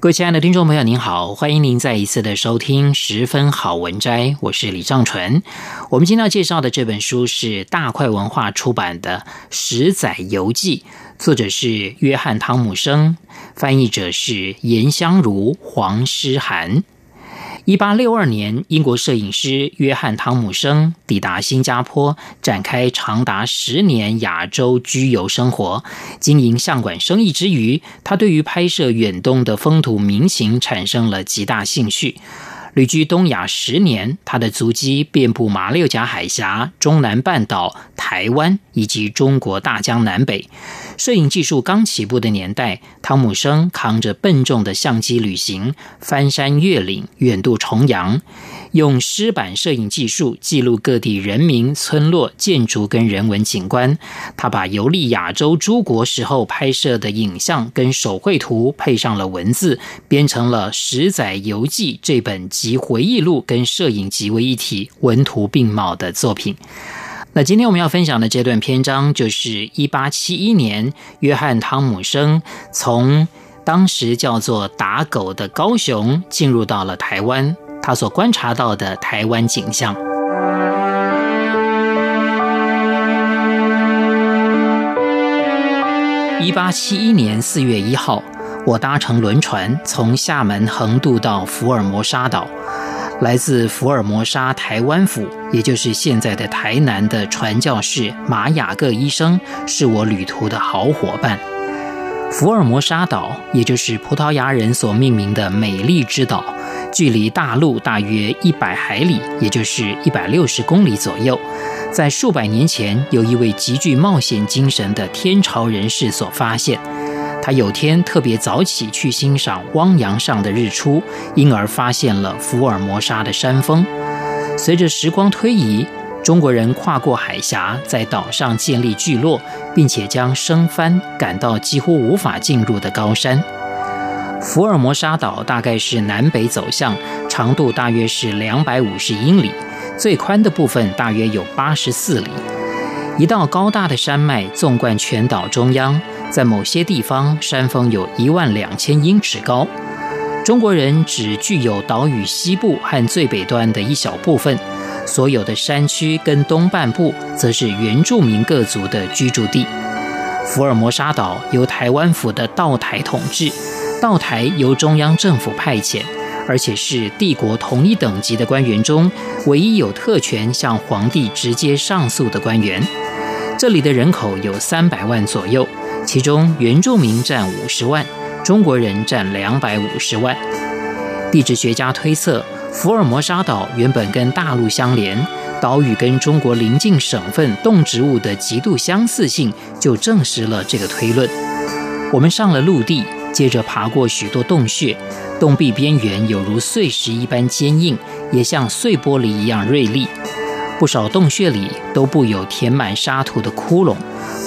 各位親愛的聽眾朋友，您好，歡迎您再一次的收聽《十分好文摘》，我是李尚純。我們今天要介紹的這本書是大塊文化出版的《十載遊記》，作者是約翰·湯姆生，翻譯者是顏湘如、黃詩涵。一八六二年，英國攝影師約翰·湯姆生抵達新加坡，展開長達十年亞洲居遊生活。經營相館生意之餘，他對於拍攝遠東的風土民情產生了極大興趣。旅居東亞十年，他的足跡遍布馬六甲海峽、中南半島、台灣以及中國大江南北。攝影技術剛起步的年代，湯姆生扛着笨重的相機旅行，翻山越嶺，遠渡重洋。用濕版攝影技術記錄各地人民、村落、建築跟人文景觀。他把遊歷亞洲諸國時候拍攝的影像跟手繪圖配上了文字，編成了《十載遊記》這本集回憶錄跟攝影集為一體、文圖並茂的作品。那今天我們要分享的這段篇章，就是一八七一年，約翰·湯姆生從當時叫做“打狗”的高雄進入到了台灣。他所觀察到的台灣景象。一八七一年四月一號，我搭乘輪船從廈門橫渡到福爾摩沙島。來自福爾摩沙台灣府，也就是現在的台南的傳教士馬雅各醫生，是我旅途的好伙伴。福爾摩沙島，也就是葡萄牙人所命名的美麗之島。距離大陸大約一百海里，也就是一百六十公里左右。在數百年前，有一位極具冒險精神的天朝人士所發現。他有天特別早起去欣賞汪洋上的日出，因而發現了福爾摩沙的山峰。隨着時光推移，中國人跨過海峽，在島上建立聚落，並且將生番趕到幾乎無法進入的高山。福爾摩沙島大概是南北走向，長度大約是兩百五十英里，最寬的部分大約有八十四里。一道高大的山脈縱貫全島中央，在某些地方山峰有一萬兩千英尺高。中國人只具有島嶼西部和最北端的一小部分，所有的山區跟東半部則是原住民各族的居住地。福爾摩沙島由台灣府的道台統治。道台由中央政府派遣，而且是帝國同一等級的官員中唯一有特權向皇帝直接上訴的官員。這裡的人口有三百萬左右，其中原住民佔五十萬，中國人佔兩百五十萬。地質學家推測，福爾摩沙島原本跟大陸相連，島嶼跟中國鄰近省份動植物的極度相似性就證實了這個推論。我們上了陸地。接着爬過許多洞穴，洞壁邊緣有如碎石一般堅硬，也像碎玻璃一樣銳利。不少洞穴裡都布有填滿沙土的窟窿，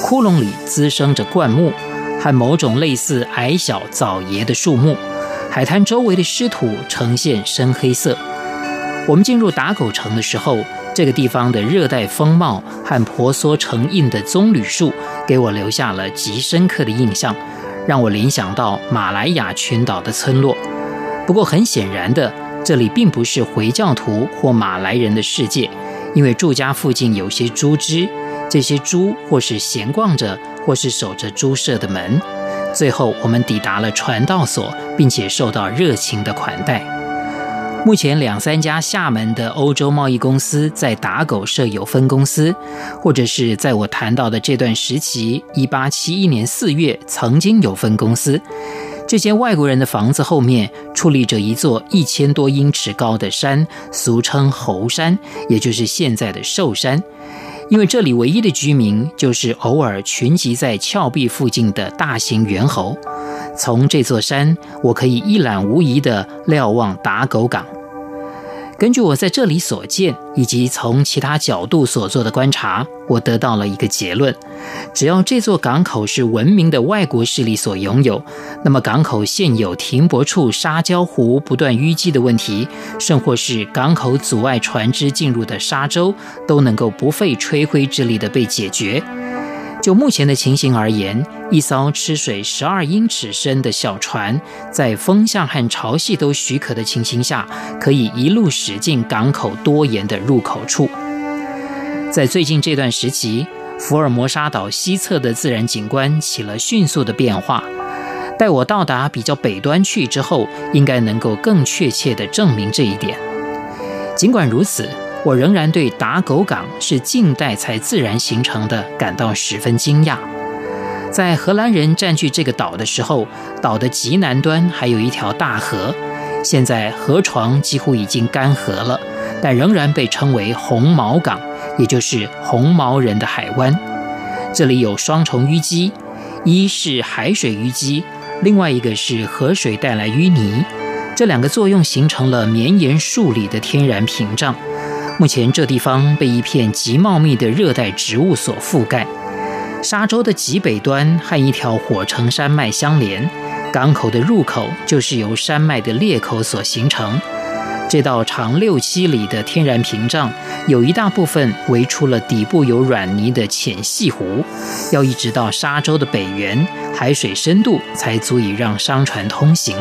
窟窿裡滋生着灌木，和某種類似矮小棗椰的樹木。海灘周圍的濕土呈現深黑色。我們進入打狗城的時候，這個地方的熱帶風貌和婆娑成蔭的棕櫚樹，給我留下了極深刻的印象。讓我聯想到馬來亞群島的村落，不過很顯然的，這裡並不是回教徒或馬來人的世界，因為住家附近有些豬隻，這些豬或是閒逛着，或是守着豬舍的門。最後，我們抵達了傳道所，並且受到熱情的款待。目前兩三家廈門的歐洲貿易公司在打狗設有分公司，或者是在我談到的這段時期，一八七一年四月曾經有分公司。這些外國人的房子後面矗立着一座一千多英尺高的山，俗稱猴山，也就是現在的壽山。因為這裡唯一的居民就是偶爾群集在峭壁附近的大型猿猴，從這座山，我可以一覽無遺地瞭望打狗港。根據我在這裡所見，以及從其他角度所做的觀察，我得到了一個結論：只要這座港口是文明的外國勢力所擁有，那麼港口現有停泊處沙礁湖不斷淤積的問題，甚或是港口阻礙船隻進入的沙洲，都能夠不費吹灰之力地被解決。就目前的情形而言，一艘吃水十二英尺深的小船，在風向和潮汐都許可的情形下，可以一路駛進港口多岩的入口處。在最近這段時期，福爾摩沙島西側的自然景觀起了迅速的變化。待我到達比較北端去之後，應該能夠更確切地證明這一點。儘管如此，我仍然對打狗港是近代才自然形成的感到十分驚訝。在荷蘭人占據這個島的時候，島的極南端還有一條大河，現在河床幾乎已經乾涸了，但仍然被稱為紅毛港，也就是紅毛人的海灣。這裡有雙重淤積，一是海水淤積，另外一個是河水帶來淤泥，這兩個作用形成了綿延數里的天然屏障。目前，這地方被一片極茂密的熱帶植物所覆蓋。沙洲的極北端和一條火成山脈相連，港口的入口就是由山脈的裂口所形成。這道長六七里的天然屏障，有一大部分圍出了底部有軟泥的淺細湖。要一直到沙洲的北緣，海水深度才足以讓商船通行。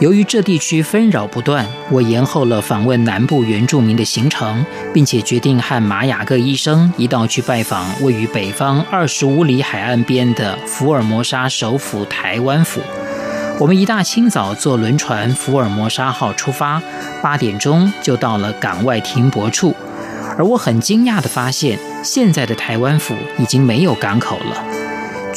由於這地區紛擾不斷，我延後了訪問南部原住民的行程，並且決定和馬雅各醫生一道去拜訪位於北方二十五里海岸邊的福爾摩沙首府台灣府。我們一大清早坐輪船“福爾摩沙號”出發，八點鐘就到了港外停泊處，而我很驚訝地發現，現在的台灣府已經沒有港口了。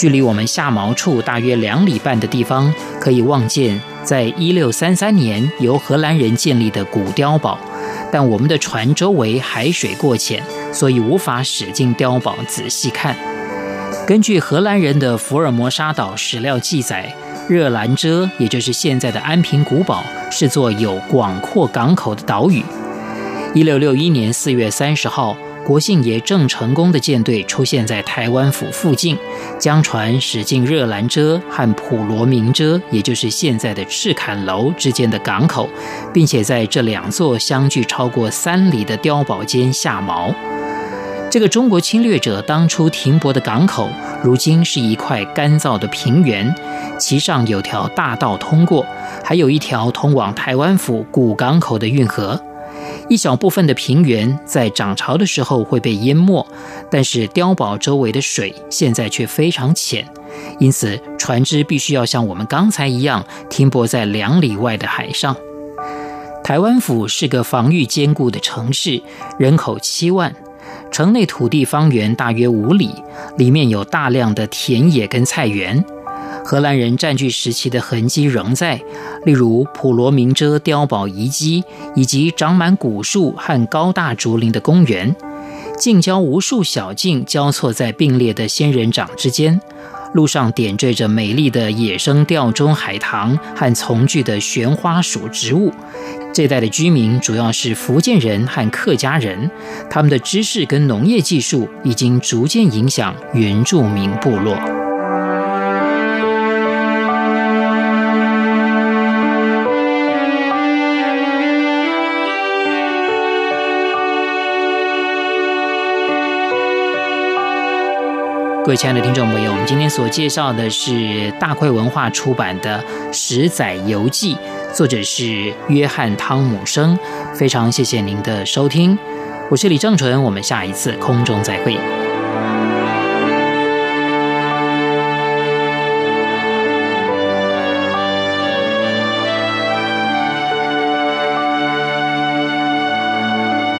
距離我們下錨處大約兩里半的地方，可以望見，在一六三三年由荷蘭人建立的古碉堡。但我們的船周圍海水過淺，所以無法駛進碉堡仔細看。根據荷蘭人的福爾摩沙島史料記載，熱蘭遮也就是現在的安平古堡，是座有廣闊港口的島嶼。一六六一年四月三十號。國姓爺鄭成功的艦隊出現在台灣府附近，將船駛進熱蘭遮和普羅民遮，也就是現在的赤崁樓之間的港口，並且在這兩座相距超過三里的碉堡間下錨。這個中國侵略者當初停泊的港口，如今是一塊乾燥的平原，其上有條大道通過，還有一條通往台灣府古港口的運河。一小部分的平原在漲潮的時候會被淹沒，但是碉堡周圍的水現在卻非常淺，因此船隻必須要像我們剛才一樣停泊在兩里外的海上。台灣府是個防御堅固的城市，人口七萬，城內土地方圓大約五里，裡面有大量的田野跟菜園。荷蘭人佔據時期的痕跡仍在，例如普羅民遮碉堡遺跡，以及長滿古樹和高大竹林的公園。近郊無數小徑交錯在並列的仙人掌之間，路上點綴着美麗的野生吊鐘海棠和叢聚的旋花屬植物。這一帶的居民主要是福建人和客家人，他們的知識跟農業技術已經逐漸影響原住民部落。各位親愛的聽眾朋友，我們今天所介紹的是大塊文化出版的《十載遊記》，作者是約翰·湯姆生。非常謝謝您的收聽，我是李正純，我們下一次空中再會。